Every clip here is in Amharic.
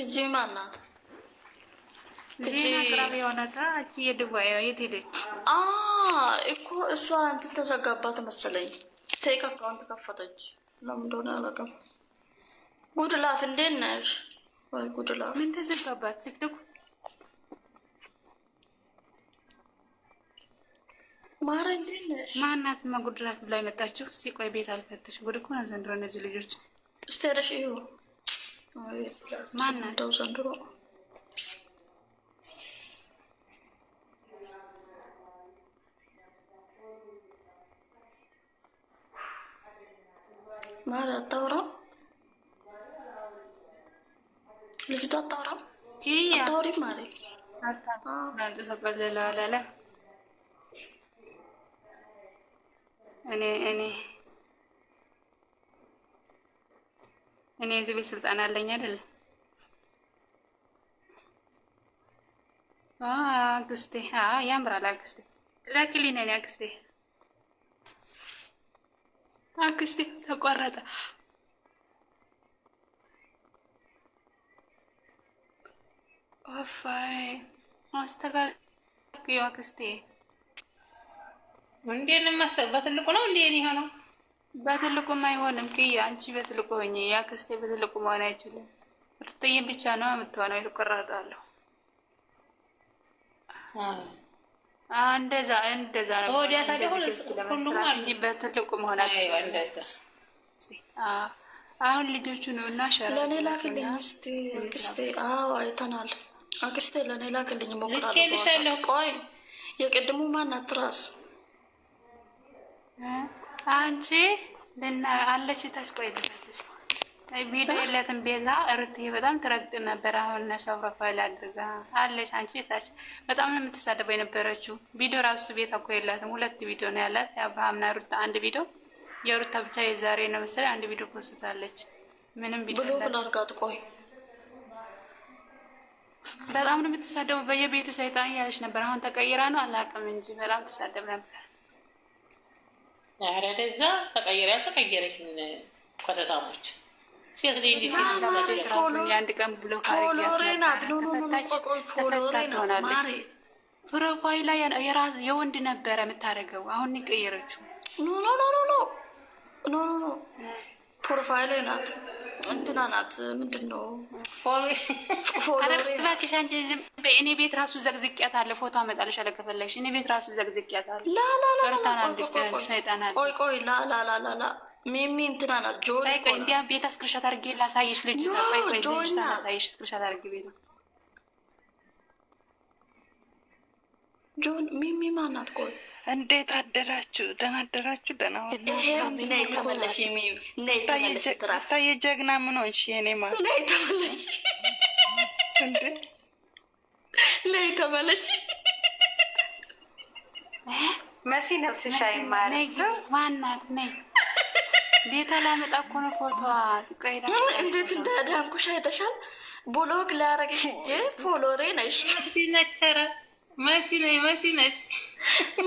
ትጂ ማናት? ትጂ የት ሄደች እኮ እሷ እንትን ተዘጋባት መሰለኝ። ፌክ አካውንት ከፈተች። ለምን እንደሆነ አላውቅም። ጉድላፍ እንዴት ነሽ? ወይ ጉድላፍ ምን ተዘጋባት? ቲክቶክ ማረ ማናት ማጉድላት ብላ የመጣችሁ? እስቲ ቆይ ቤት አልፈተሽ። ጉድ እኮ ነው ዘንድሮ እነዚህ ልጆች። እስቲ ሄደሽ እዩ ማን እንደው ዘንድሮ ማለት አታወራም፣ ልጅቷ አታወራም። አታወሪም ማለት እኔ እኔ እኔ እዚህ ቤት ስልጣን አለኝ አይደል? አግስቴ ያምራል። አግስቴ ላኪልኝ ነኝ። አግስቴ አክስቴ ተቆረጠ። ኦፋይ አስተካክዩ አግስቴ። እንዴ በትልቁ ነው እንዴ የሆነው? በትልቁም አይሆንም ክያ አንቺ በትልቁ ሆኜ ያክስቴ በትልቁ መሆን አይችልም። ርጥዬ ብቻ ነው የምትሆነው የተቆራጣለሁ። እንደዛ እንደዛ ነው በትልቁ መሆን አይችልም። አሁን ልጆቹ ነው እና ሸራ ለእኔ ላክልኝ እስቲ አክስቴ። አዎ አይተናል። አክስቴ ለእኔ ላክልኝ እሞክራለሁ። ቆይ የቅድሙ ማናት ራስ አንቺ ልና አለች ታች ቆይ ልታለች ቪዲዮ የለትም ቤዛ እርትዬ በጣም ትረግጥ ነበር። አሁን ነፍሷ ፕሮፋይል አድርጋ አለች። አንቺ ታች በጣም ነው የምትሳደበው የነበረችው። ቪዲዮ ራሱ ቤት እኮ የላትም። ሁለት ቪዲዮ ነው ያላት የአብርሃምና ሩት አንድ ቪዲዮ የሩታ ብቻ የዛሬ ነው መሰለ አንድ ቪዲዮ ፖስታለች። ምንም ቪዲዮ ብሎግን አድርጋት ቆይ በጣም ነው የምትሳደበው። በየቤቱ ሰይጣን እያለች ነበር። አሁን ተቀይራ ነው አላውቅም እንጂ በጣም ትሳደብ ነበር። ኧረ ተቀየረ ያልተቀየረች ከተታሞች ሴት ላይ ፕሮፋይል ላይ የወንድ ነበረ የምታደርገው አሁን የቀየረችው ኖ ኖ ኖ ኖ ኖ ኖ ፕሮፋይል ናት። እንትና ናት። ምንድን ነው እባክሽ አንቺ እኔ ቤት ራሱ ዘግዝቅያት አለ ፎቶ አመጣልሻለሁ ከፈለግሽ። እኔ ቤት ራሱ ዘግዝቅያት አለ። ቆይ ቆይ ላላላላላ ሚሚ እንትና ናት። ጆ እንዲያ ቤት አስክርሻት አድርጌ ላሳይሽ። ልጅ ታሳይሽ እስክርሻት አድርጌ ቤት ጆን ሚሚ ማናት? ቆይ እንዴት አደራችሁ? ደህና አደራችሁ? ደህና ታዬ ጀግና ምን ሆንሽ? የኔ ማለት ነይ ተመለሽ መሲ ነፍስሽ አይማር ማናት ነይ ቤታ ላመጣ እኮ ነው ፎቶ ቀይራ እንዴት እንዳዳንኩሽ አይተሻል። ብሎግ ላረግሽ ሂጅ ፎሎሬ ነሽ ነቸረ መሲ ነኝ። መሲ ነች።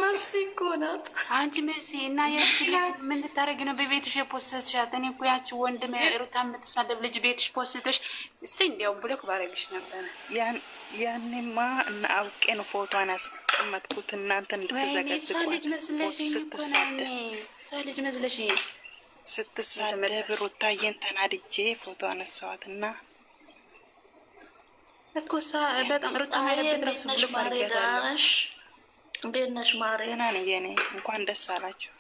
መሲ እኮ ናት። አንቺ መሲ እና ያቺ ልጅ ምን ልታደርጊ ነው? በቤትሽ የፖስትሻት። እኔ እኮ ያቺ ወንድም ሩታ የምትሳደብ ልጅ ቤትሽ ፖስትሽ እስ እንዲያው ብሎክ ባረግሽ ነበረ። ያኔማ እና አውቄ ነው ፎቶን ያስቀመጥኩት እናንተ እንድትዘገዝቁ ልጅ መስለሽኝ ስትሳደብ ሩታዬን ተናድጄ ፎቶ አነሳዋት እና እኮ እሷ በጣም እንዴት ነሽ ማሪ? ነኝ የኔ። እንኳን ደስ አላችሁ።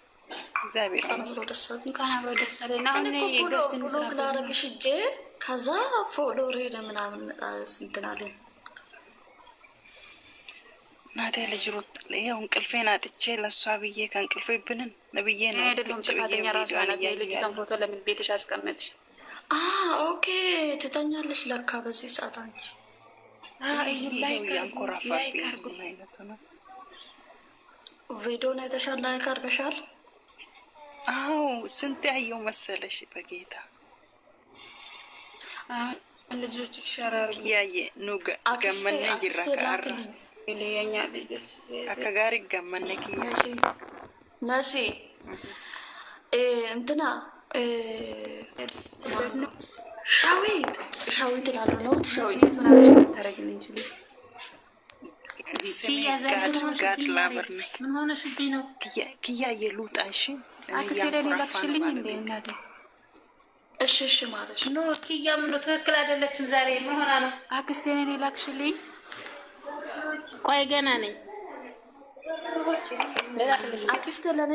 እግዚአብሔር እንኳን አብሮ ደስ አለን። አሁን ላረግሽ እጄ ከዛ ፎሎሬ ለምናምን እንትን አለኝ ናቴ ልጅ ሩጥ ይኸው እንቅልፌን አጥቼ ለእሷ ብዬ ከእንቅልፌ ብንን ነብዬ ነው አይደለም። ጥፋተኛ ራሱ ናት። ፎቶ ለምን ቤትሽ አስቀመጥሽ? ኦኬ ትተኛለሽ ለካ በዚህ ሰዓት አንቺ ቪዲዮ ነው ላይክ አድርገሻል። አዎ ስንት ያየው መሰለሽ በጌታ ልጆች ይሻራሉ ያየ ኑገ ገመነ ይራቃራ ገመነ መሲ እንትና ሸዊት ሸዊት እላለሁ ነው ሸዊት ምን ሆነሽብኝ ነው? ክያዬ ልውጣ። እሺ ላክሽልኝ እንዴ እናቴ። እሺ እሺ ማለሽ ኖ ክያ ምነው ትክክል አይደለችም። ዛሬ ምን ሆና ነው? አክስቴ እኔ ላክሽልኝ። ቆይ ገና ነኝ። አክስቴ ለእኔ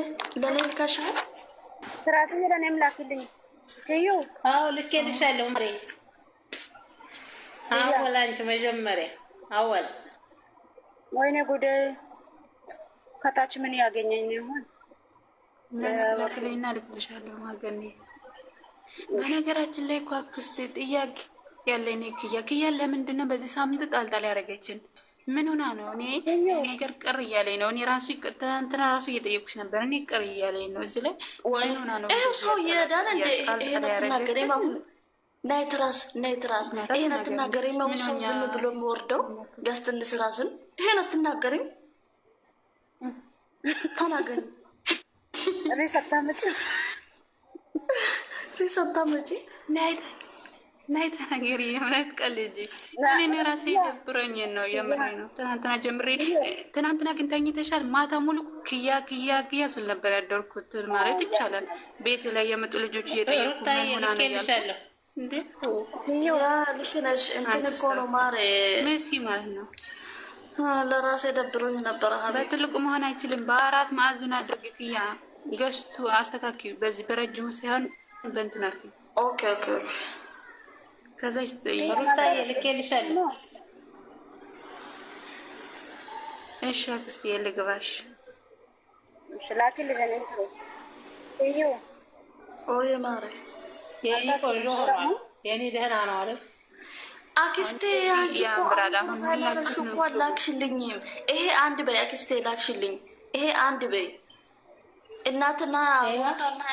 ልካሻል። ራስኝ ለእኔም ላክልኝ አዎ ልኬልሻለሁ። ማሬ አወል አንቺ መጀመሪያ አወል ወይኔ ጉዴ ከታች ምን ያገኘኝ ይሆን? ለክልና ልክልሻለሁ ማገኔ በነገራችን ላይ እኮ አክስቴ ጥያቄ ያለኝ ክያ ክያ ለምንድን በዚህ ሳምንት ጣልጣል ያደረገችን? ምን ሆና ነው? እኔ ነገር ቅር እያለኝ ነው። እኔ ራሱ እንትና ራሱ እየጠየኩሽ ነበር። እኔ ቅር እያለኝ ነው። እዚህ ላይ ምን ሆና ነው? ይኸው ሰው እየዳነ ይሄን አትናገሪም። አሁን ናይ ትራስ ናይ ትራስ ይሄን አትናገሪም። አሁን ሰው ዝም ብሎ የሚወርደው ገስትን ስራስን ይሄን አትናገሪም። ተናገሪ ሬሳታ መጪ ሬሳታ መጪ ናይ ናይ ተናገሪ ቀል እጂ እኔ ራሴ ደብረኝ ነው የምሬ ነው። ትናንትና ጀምሬ ትናንትና ግን ተኝተሻል። ማታ ሙሉ ክያ ክያ ክያ ስል ነበር ያደርኩት ማለት ይቻላል። ቤት ላይ የመጡ ልጆች እየጠየቁ ሆና ነው ያለ መሲ ማለት ነው። ለራሴ ደብሮኝ ነበረ። በትልቁ መሆን አይችልም። በአራት ማዕዘን አድርግ ክያ ገዝቱ አስተካኪ። በዚህ በረጅሙ ሳይሆን በንትን አርግ። ኦኬ ኦኬ ኦኬ ከዛ ይስታ ልኬልሻለሁ። እሺ አክስቴ ልግባሽ። የኔ ደህና ነው አለ አክስቴ። አንቺ እኮ አላክሽልኝም። ይሄ አንድ በይ አክስቴ ላክሽልኝ። ይሄ አንድ በይ እናትና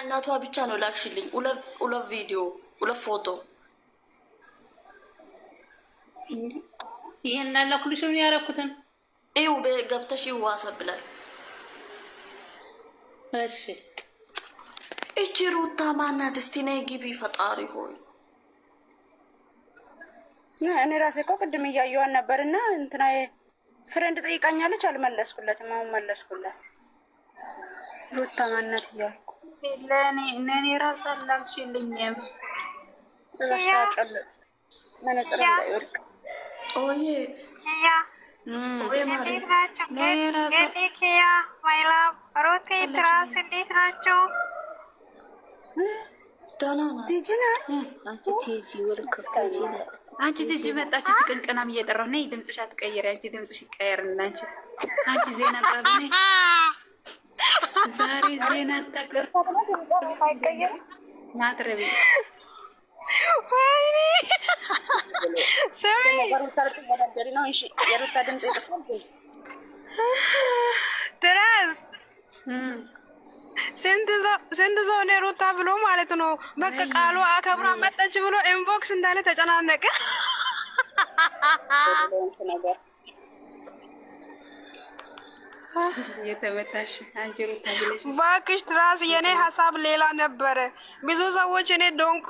እናቷ ብቻ ነው ላክሽልኝ። ሁለት ቪዲዮ ሁለት ፎቶ ይሄን ላላኩልሽ ምን ያረኩትን ይኸው በገብተሽ ይዋሰብ ላይ እሺ። እቺ ሩታ ማናት? እስቲ ነይ ግቢ። ፈጣሪ ሆይ እኔ ራሴ እኮ ቅድም እያየዋን ነበርና እንትና ፍሬንድ ጠይቃኛለች፣ አልመለስኩለትም። አሁን መለስኩለት። ሩታ ማናት እያልኩ ለእኔ ራስ አላችልኝም። ስለስታጨለ መነጽር ላይ እንዳይወድቅ እንዴት ናቸው? ኪያ ማይላም ሩቲ ትራስ እንዴት ናቸው? አንቺ ትጂ መጣች። ጭቅንቅናም እየጠራሁ ነይ። ድምፅሽ አትቀየሪ። አንቺ ድምፅሽ ይቀየር። አንቺ አንቺ ዜና አቅራቢ ዛሬ ዜና ታቅርብ ናትረቢ ድረስ ስንት ሰው እኔ ሩታ ብሎ ማለት ነው። በቃ ቃሉ አከብራ መጠች ብሎ ኢንቦክስ እንዳለ ተጨናነቀ። የተመታሽ እባክሽ፣ ትራስ የእኔ ሀሳብ ሌላ ነበረ። ብዙ ሰዎች እኔ ዶንቅ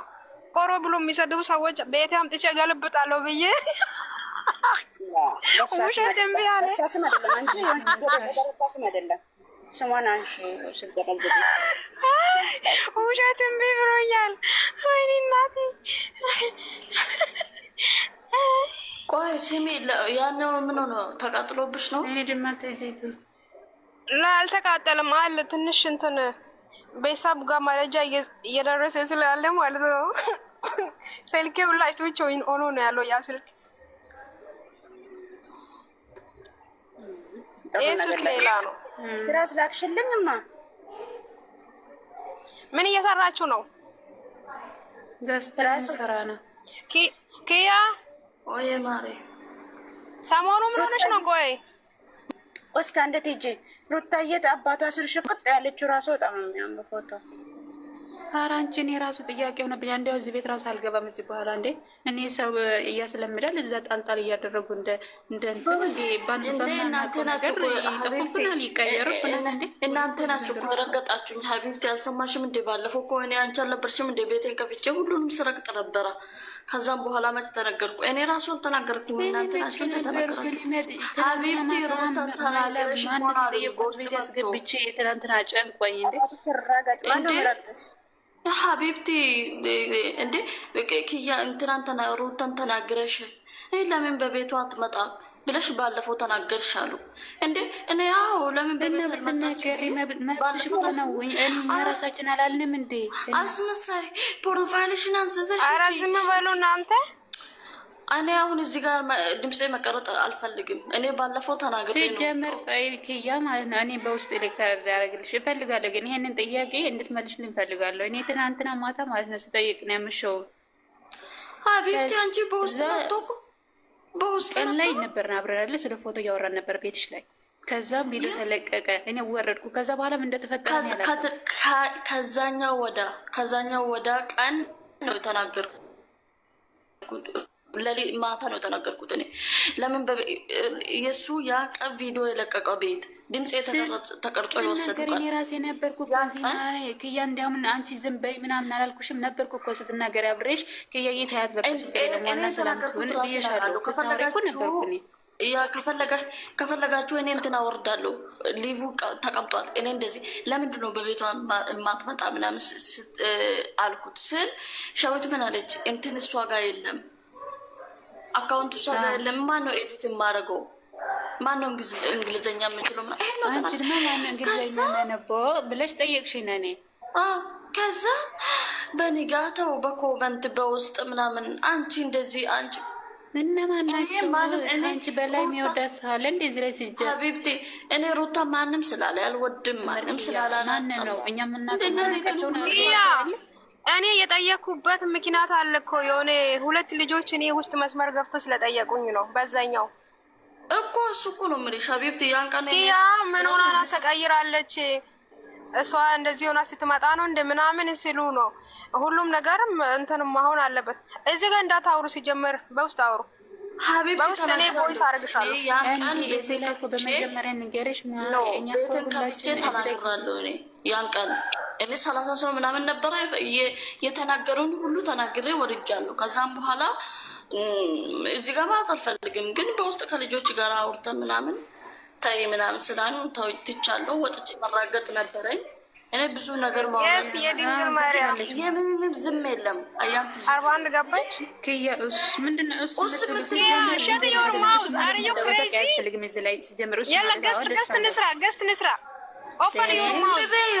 ቆርቆሮ ብሎ የሚሰድቡ ሰዎች ቤቴ አምጥቼ እገልብጣለሁ ብዬ ውሸት እምቢ አለ። ውሸት እምቢ ብሎኛል። ወይኔ እናቴ። ቆይ ስሚ፣ ያኛው ምን ሆነ? ተቃጥሎብሽ ነው? አልተቃጠልም አለ። ትንሽ እንትን ቤተሰብ ጋር መረጃ እየደረሰ ስላለ ማለት ነው። ስልኬ ሁላ ስዊች ወይን ኦኖ ነው ያለው። ያ ስልክ ይህ ስልክ ሌላ ነው። ስራ ስላክሽልኝማ ምን እየሰራችሁ ነው? ስራ ነው። ኪያ ሰሞኑ ምን ሆነሽ ነው? ቆይ እስከ አንደት ሂጂ ሩታየት አባቷ ስር ሽቅጥ ያለችው ራሱ በጣም የሚያምር ፎቶ ኧረ አንቺን የራሱ ጥያቄ ሆነብኛል። እንደው እዚህ ቤት ራሱ አልገባም እዚህ በኋላ እንዴ እኔ ሰው እያስለምዳል እዛ ጣልጣል እያደረጉ እንደ እንደ እናንተ ናችሁ እናንተ እኮ የረገጣችሁኝ። ሀቢብቲ አልሰማሽም እንዴ? ባለፈው እኮ እኔ አንቺ አልነበርሽም እንዴ? ቤቴን ከፍቼ ሁሉንም ስረግጥ ነበረ። ከዛም በኋላ መች ተነገርኩ? እኔ ራሱ አልተናገርኩም። እናንተ ናችሁ ተናገራችሁ። ሀቢብቲ ሮታ ተናገረሽ ሆናል። ውስጥ ገብቼ የትናንትና ጨንቆኝ እንዴ ሀቢብቲ እንዴ ክያ እንትናን ሩታን ተናግረሽ ለምን በቤቷ አትመጣም ብለሽ ባለፈው ተናገርሽ አሉ። እንዴ እኔ ያው ለምን በቤትናገሪመብትሽቦታ አላልንም እንዴ አስመሳይ ፕሮፋይልሽን አንስተሽ ኧረ ዝም በሉ እናንተ እኔ አሁን እዚህ ጋር ድምፄ መቀረጥ አልፈልግም። እኔ ባለፈው ተናግሬ ሲጀምር ጀምር ማለት ነው። እኔ በውስጥ ሪከርድ ያደረግልሽ እፈልጋለሁ፣ ግን ይሄንን ጥያቄ እንድትመልሽልኝ እፈልጋለሁ። እኔ ትናንትና ማታ ማለት ነው ስጠይቅ ነው የምሸው ሀቢብቲ፣ አንቺ በውስጥ መጥቶ በውስጥ ቀን ላይ ነበር አብረናለ፣ ስለ ፎቶ እያወራን ነበር ቤትሽ ላይ። ከዛም ቪዲዮ ተለቀቀ፣ እኔ ወረድኩ። ከዛ በኋላም እንደተፈጠረ ከዛኛው ወዳ ከዛኛው ወዳ ቀን ነው የተናገርኩት ለሌ- ማታ ነው የተናገርኩት እኔ ለምን የእሱ ያ ቀን ቪዲዮ የለቀቀው ቤት ድምፅ ተቀርጾ የወሰዱ ቀን ራሴ ነበርኩ። ክያ እንዲያውም አንቺ ዝም በይ ምናምን አላልኩሽም ነበርኩ እኮ ስትናገሪ አብሬሽ ክያ እየተያት በቀደሞና ሰላምሁን ብዬሻለሁ። ከፈለጋችሁ ያ ከፈለጋችሁ እኔ እንትን አወርዳለሁ። ሊቭ ተቀምጧል። እኔ እንደዚህ ለምንድን ነው በቤቷ ማትመጣ ምናምን አልኩት ስል ሸዊት ምን አለች? እንትን እሷ ጋር የለም አካውንቱ ለማን ነው ኤዲት የማደርገው? ማነው ነው እንግሊዝኛ የምችለው? ይሄ ነው እንግሊዝኛ ብለሽ ጠየቅሽኝ። ነኔ። ከዛ በንጋተው በኮመንት በውስጥ ምናምን አንቺ እንደዚህ አንቺ እነማናቸው በላይ የሚወዳት ሳለ እንደዚህ ላይ ሲጀ- እኔ ሩታ ማንም ስላለ አልወድም ማንም ስላላናጠ ነው እኛ ምናቀ እኔ የጠየኩበት ምክንያት አለ እኮ የሆነ ሁለት ልጆች እኔ ውስጥ መስመር ገብቶ ስለጠየቁኝ ነው። በዛኛው እኮ እሱ እኮ ነው የምልሽ ሀቢብት ያንቀን ያ ምን ሆና ተቀይራለች እሷ እንደዚህ ሆና ስትመጣ ነው እንደ ምናምን ስሉ ነው። ሁሉም ነገርም እንትን መሆን አለበት። እዚህ ጋር እንዳታውሩ ሲጀመር በውስጥ አውሩ። በውስጥ እኔ ቦይስ አርግሻለሁ። በመጀመሪያ ቤትን ከፍቼ ተናግራለሁ እኔ ያንቀን እኔ ሰላሳ ሰው ምናምን ነበረ የተናገረውን ሁሉ ተናግሬ ወርጃለሁ። ከዛም በኋላ እዚህ ጋር ማለት አልፈልግም፣ ግን በውስጥ ከልጆች ጋር አውርተን ምናምን ታይ ምናምን ስላን ትቻለሁ። ወጥቼ መራገጥ ነበረኝ። እኔ ብዙ ነገር ማውራት የምንም ዝም የለም። አያቱ አርባ አንድ ገባች። ምንድነው ገስት ንስራ ገስት ንስራ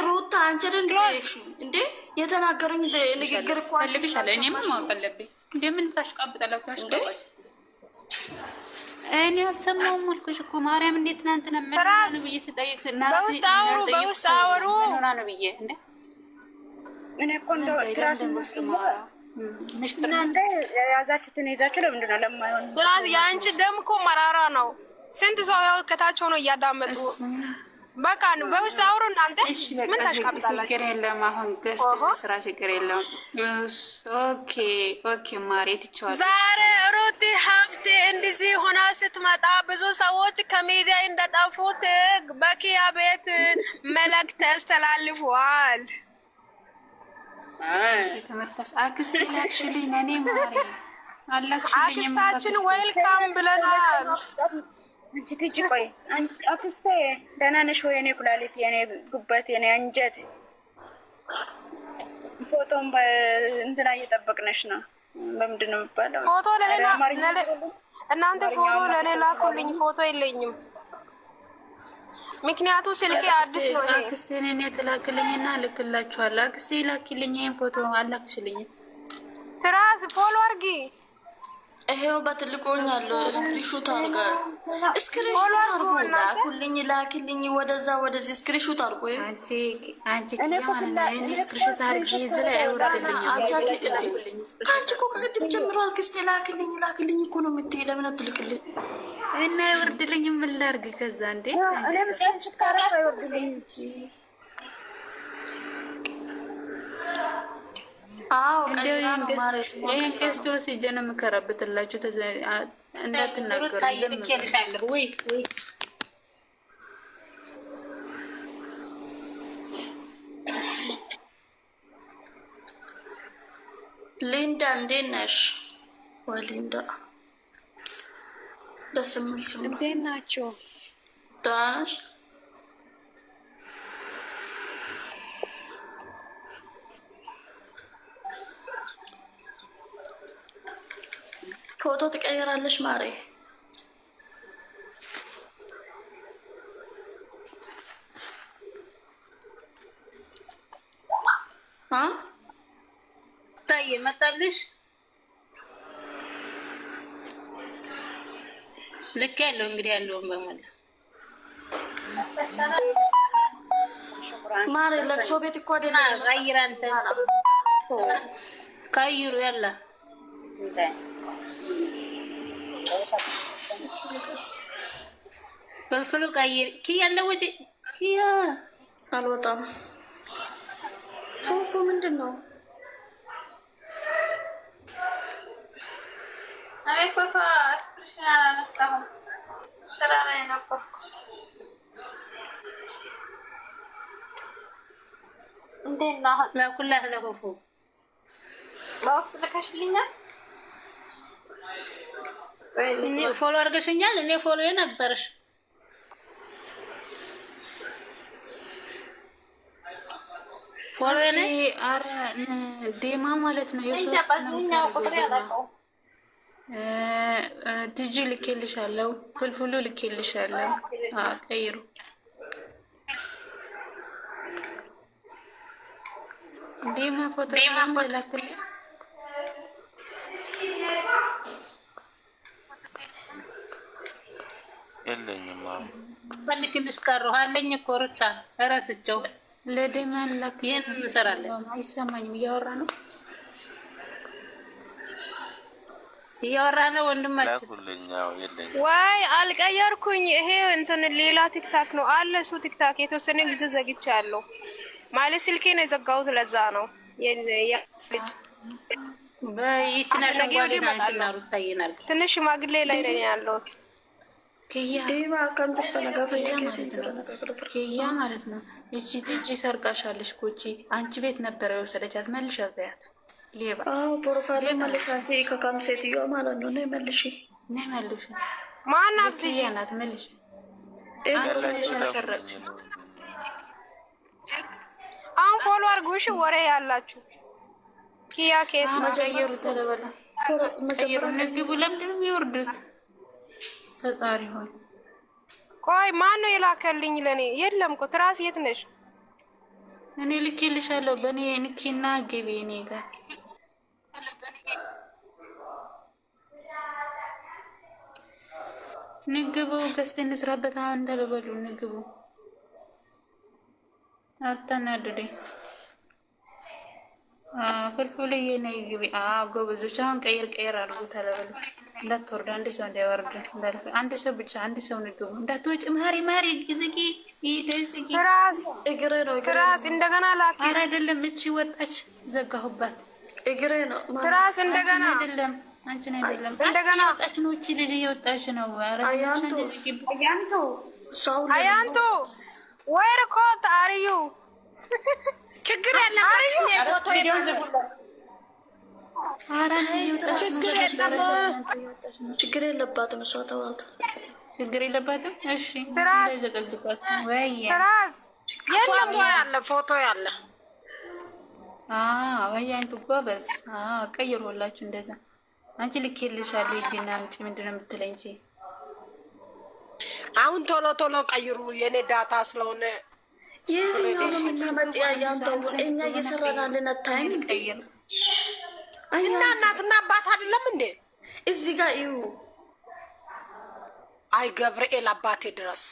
ሩታ አንቺ እንዴ የተናገሩኝ ንግግር እኮ እኔ አልሰማሁም አልኩሽ እኮ ማርያም። እንዴት ትናንትና ምን ነው ብዬ ስጠይቅ በውስጥ አውሩ በውስጥ አውሩ ነው ብዬ እኔ እኮ ትራስ ውስጥ እናንተ ይዛችሁ ለምንድን ነው ለማይሆን ትራስ? የአንቺ ደም እኮ መራራ ነው። ስንት ሰው ያው ከታች ሆኖ እያዳመጡ በቃ ነው። በውስጥ አውሩ እናንተ። ምን ታሽካብታላችሁ? ችግር የለም። አሁን ገስት ስራ ችግር የለም። ኦኬ ኦኬ። ማሬ ትቸዋለሁ። ዛሬ ሩቲ ሀብቴ እንዲዚህ ሆና ስትመጣ ብዙ ሰዎች ከሚዲያ እንደጠፉት በኪያ ቤት መልእክት ተስተላልፏል። ተመታሽ አክስቴ ማሬ አክስታችን ወይልካም ብለናል። አንቺ ትጂ ቆይ፣ አክስቴ ደህና ነሽ ወይ? የኔ ኩላሊት፣ የኔ ጉበት፣ የኔ አንጀት ፎቶን እንትና እየጠበቅነሽ ነው። በምንድን ነው የሚባለው? ፎቶ ለሌላ እናንተ ፎቶ ለሌላ ኩልኝ ፎቶ የለኝም። ምክንያቱ ስልኬ አዲስ ነው። አክስቴን እኔ ትላክልኝና ልክላችኋለሁ። አክስቴ ላኪልኝ ይህን ፎቶ አላክሽልኝ። ትራስ ፎሎ አርጊ ይሄው በትልቁኝ ያለው እስክሪንሾት አርገ እስክሪንሾት አርጉ ላኩልኝ፣ ላክልኝ፣ ወደዛ ወደዚህ እስክሪንሾት አርጉ። አንቺ አንቺ እስክሪንሾት አርጊ። አንቺ እኮ ቅድም ጀምሮ አክስቴ ላክልኝ፣ ላክልኝ እኮ ነው የምትይ። ለምን አትልቅልኝ እና ይወርድልኝ ምን ላርግ? ከዛ እንዴ ይወርድልኝ ክርስቶስ እጀን የምከራበትላችሁ እንዳትናገሩ ሊንዳ እንዴት ነሽ? ወይ ሊንዳ ደስ የምል ስም እንዴት ናቸው? ደህና ነሽ? ፎቶ ትቀይራለሽ ማሬ። ታዬ መጣልሽ። ልክ ያለው እንግዲህ ያለውን በሞላ ማሬ ለቅሶ ቤት እኮ አይደለም። ቀይር አንተ ቀይሩ ያላ ፍልፍሉ ቀይር ኪያ እንደወጭ ኪያ አልወጣም። ፉፉ ምንድን ነው? እንዴት ነው? ላኩላት ለፉፉ በውስጥ ልከሽልኛል። ፎሎ አድርገሽኛል። እኔ ፎሎ ነበርሽ ዴማ ማለት ነው። ድጂ ልኬልሻለሁ፣ ፍልፍሉ ልኬልሻለሁ። ቀይሩ ዴማ ፎቶ ላክልኝ የለኝም። ፈልግልሽ ቀረሁ አለኝ እኮ ሩታ እረስቸው ለደማን ይህን እንሰራለን። አይሰማኝም። እያወራ ነው እያወራ ነው ወንድማችን። ዋይ አልቀየርኩኝ። ይሄ እንትን ሌላ ቲክታክ ነው አለ እሱ ቲክታክ የተወሰነ ጊዜ ዘግቼ ያለው ማለት ስልኬ ነው የዘጋሁት። ለዛ ነው ልጅ ትንሽ ሽማግሌ ላይ ነን ያለሁት ኪያ ማለት ነው። እቺ ቲጂ ሰርቃሻለች እኮ አንቺ ቤት ነበረ የወሰደቻት። መልሽ ያት ሌባ ፕሮፋይል መልሽ። አንቺ ከካም ሴትዮዋ ማለት ነው። ነይ መልሽ፣ ነይ መልሽ። ማናት? ኪያ ናት። መልሽ። አሁን ፎሎ አድርጉሽ ወሬ ያላችሁ ኪያ ኬስ መጀየሩ ተለበለ መጀየሩ ነግቡ። ለምንድን ነው የሚወርዱት? ፈጣሪ ሆይ ቆይ ማን ነው የላከልኝ? ለኔ የለም እኮ ትራስ የት ነሽ? እኔ ልኬልሻለሁ። በእኔ ንኪና ግቢ እኔ ጋር ንግቡ ገዝተን እንስራበት። አሁን እንዳልበሉ ንግቡ። አታናድዴ ፍልፍል የኔ ግቢ ጎበዞች። አሁን ቀይር ቀይር አድርጉ ተለበሉ እንዳትወርድ አንድ ሰው እንዳይወርድ አንድ ሰው ብቻ አንድ ሰው ንግቡ እንዳትወጪ። ማሪ ማሪ ዝጊ ራስ እግሬ ነው ራስ እንደገና ላኪ። ኧረ አይደለም እቺ ወጣች ዘጋሁባት። እግሬ ነው ራስ እንደገና አይደለም አንቺን አይደለም እንደገና ወጣች ነው እቺ ልጅ እየወጣች ነው። አያንቱ አያንቱ አያንቱ ወይር ኮት አርዩ ችግር ያለ አርዩ ፎቶ ይደውል ችግር የለባትም እሷ ተዋት። ችግር የለባትም። እሺ ዘቀዝቋት ወይ ያለ ፎቶ ያለ ወይ አይነቱ ጎበዝ ቀይሮላችሁ እንደዛ። አንቺ ልኬልሻለሁ ሂጂና አምጪ ምንድን ነው የምትለኝ አሁን ቶሎ ቶሎ ቀይሩ፣ ዳታ ስለሆነ የትኛው ነው ያንተ እኛ እየሰራናልን አታይም? እና እናትና አባት አይደለም እንዴ? እዚ ጋ ይሁ አይ ገብርኤል አባቴ ድረስ